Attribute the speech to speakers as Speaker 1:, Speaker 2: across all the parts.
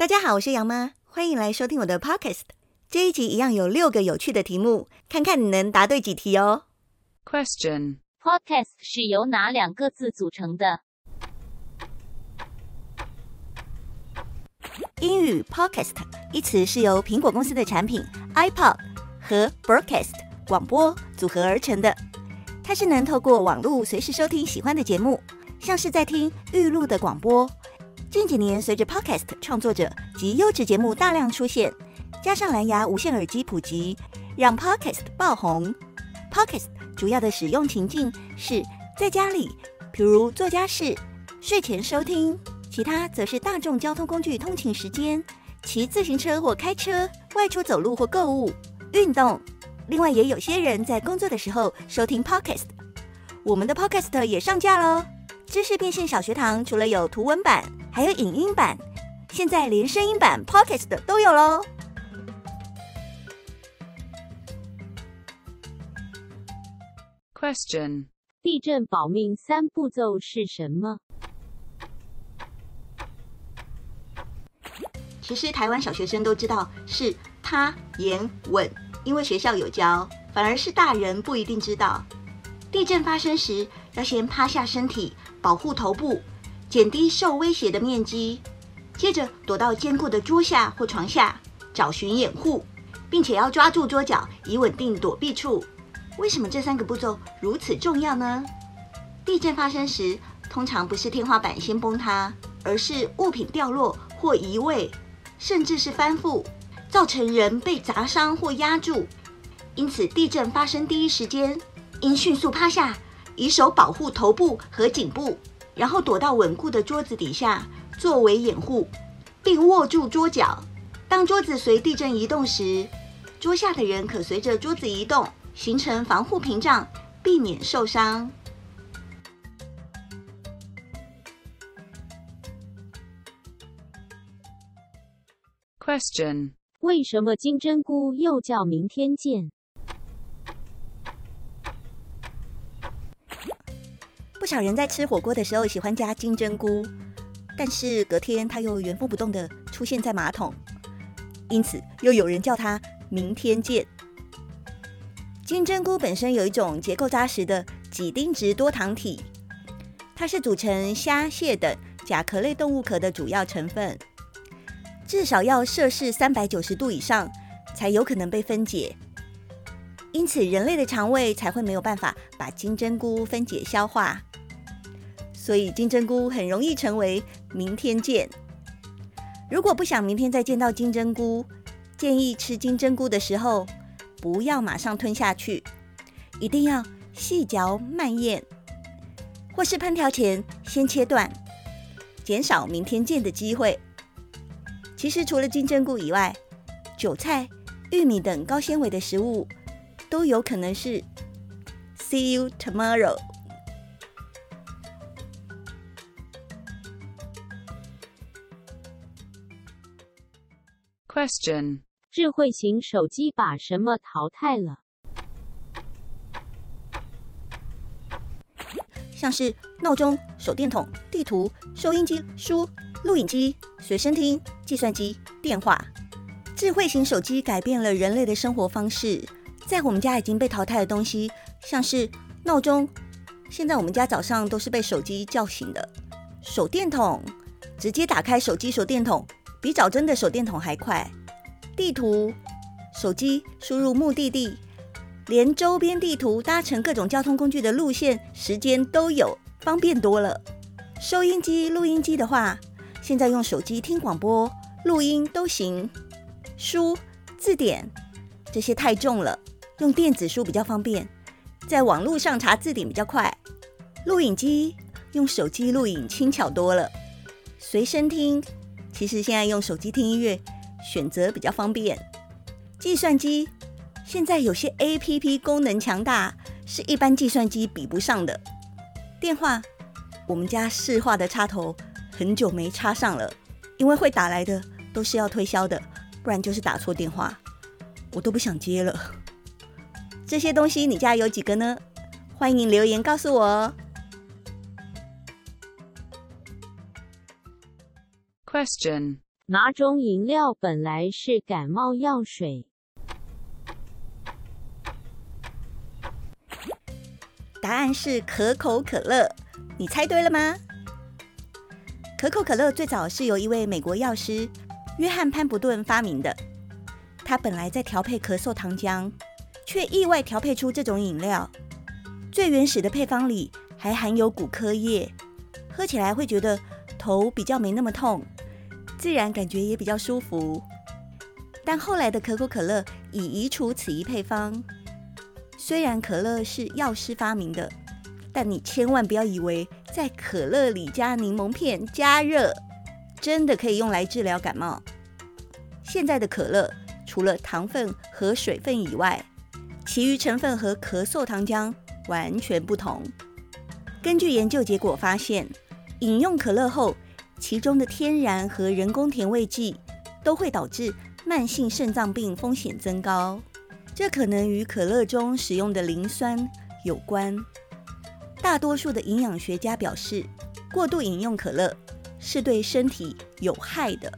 Speaker 1: 大家好，我是洋媽，歡迎來收聽我的 podcast。這一集一樣有六個有趣的題目，看看你能答對幾題哦。Question：podcast 是由哪兩個字組成的？英語 podcast 一詞是由蘋果公司的產品 iPod 和 broadcast 廣播組合而成的，它是能透過網路隨時收聽喜歡的節目，像是在聽預錄的廣播。近幾年，隨着 podcast 創作者及優質節目大量出現，加上藍牙無線耳機普及，讓 podcast 爆紅。podcast 主要的使用情境是在家裡，比如做家事、睡前收聽；其他則是大眾交通工具通勤時間、騎自行車或開車外出走路或購物、運動。另外，也有些人在工作的時候收聽 podcast。我們的 podcast 也上架嘍！知識變現小學堂除了有圖文版，還有影音版，現在連聲音版 podcast 的都有嘍。Question：地震保命三步驟是什麼？其實台灣小學生都知道是“趴、掩、穩”，因為學校有教。反而是大人不一定知道。地震發生時，要先趴下身體，保護頭部。減低受威脅的面積，接着躲到堅固的桌下或床下找尋掩護，並且要抓住桌角以穩定躲避處。為什麼這三個步驟如此重要呢？地震發生時，通常不是天花板先崩塌，而是物品掉落或移位，甚至是翻覆，造成人被砸傷或壓住。因此，地震發生第一時間應迅速趴下，以手保護頭部和頸部。然後躲到穩固的桌子底下作為掩護，並握住桌角。當桌子隨地震移動時，桌下的人可隨着桌子移動，形成防護屏障，避免受傷。Question：為什麼金針菇又叫明天見？少人在吃火鍋的時候喜歡加金針菇，但是隔天它又原封不動的出現在馬桶，因此又有人叫它“明天見”。金針菇本身有一種結構扎實的幾丁質多糖體，它是組成蝦蟹等甲殼類動物殼的主要成分，至少要攝氏三百九十度以上才有可能被分解，因此人類的腸胃才會沒有辦法把金針菇分解消化。所以金針菇很容易成為明天見。如果不想明天再見到金針菇，建議吃金針菇的時候不要馬上吞下去，一定要細嚼慢嚥，或是烹調前先切斷，減少明天見的機會。其實除了金針菇以外，韭菜、玉米等高纖維的食物都有可能是 see you tomorrow。Question：智慧型手機把什麼淘汰了？像是鬧鐘、手電筒、地圖、收音機、書、錄影機、隨身聽、計算機、電話。智慧型手機改變了人類的生活方式，在我們家已經被淘汰的東西，像是鬧鐘。現在我們家早上都是被手機叫醒的。手電筒，直接打開手機手電筒。比找真的手電筒還快。地圖，手機輸入目的地，連周邊地圖、搭乘各種交通工具的路線、時間都有，方便多了。收音機、錄音機的話，現在用手機聽廣播、錄音都行。書、字典這些太重了，用電子書比較方便，在網絡上查字典比較快。錄影機用手機錄影輕巧多了。隨身聽。其實現在用手機聽音樂，選擇比較方便。計算機現在有些 APP 功能強大，是一般計算機比不上的。電話，我們家市話的插頭很久沒插上了，因為會打來的都是要推銷的，不然就是打錯電話，我都不想接了。這些東西你家有幾個呢？歡迎留言告訴我哦。Question：哪種飲料本來是感冒藥水？答案是可口可樂。你猜對了嗎？可口可樂最早是由一位美國藥師約翰潘伯頓發明的。他本來在調配咳嗽糖漿，卻意外調配出這種飲料。最原始的配方裡還含有古柯液，喝起來會覺得頭比較沒那麼痛。自然感覺也比較舒服，但後來的可口可樂已移除此一配方。雖然可樂是藥師發明的，但你千萬不要以為在可樂裡加檸檬片加熱，真的可以用來治療感冒。現在的可樂除了糖分和水分以外，其餘成分和咳嗽糖漿完全不同。根據研究結果發現，飲用可樂後，其中的天然和人工甜味劑都會導致慢性腎臟病風險增高，這可能與可樂中使用的磷酸有關。大多數的營養學家表示，過度飲用可樂是對身體有害的。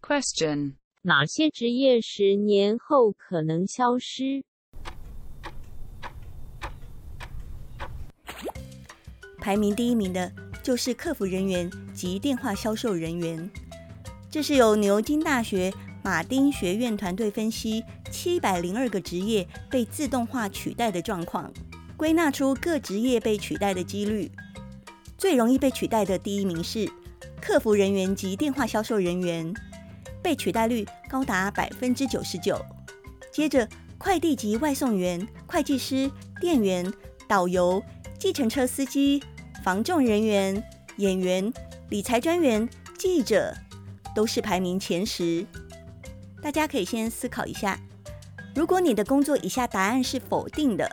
Speaker 1: Question：哪些職業十年後可能消失？排名第一名的就是客服人員及電話銷售人員，這是由牛津大學馬丁學院團隊分析七百零二個職業被自動化取代的狀況，歸納出各職業被取代的幾率。最容易被取代的第一名是客服人員及電話銷售人員，被取代率高達百分之九十九。接着，快遞及外送員、會計師、店員、導遊、計程車司機。房仲人員、演員、理財專員、記者，都是排名前十。大家可以先思考一下：如果你的工作以下答案是否定的，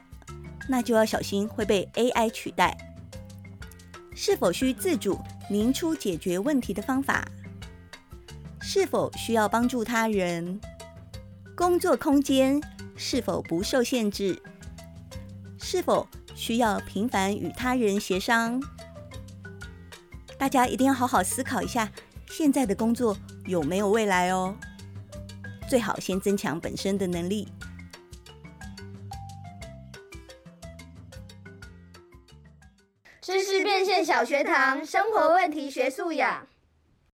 Speaker 1: 那就要小心會被 AI 取代。是否需自主明出解決問題的方法？是否需要幫助他人？工作空間是否不受限制？是否？需要頻繁與他人協商，大家一定要好好思考一下，現在的工作有沒有未來哦？最好先增強本身的能力。知識變現小學堂，生活問題學素養。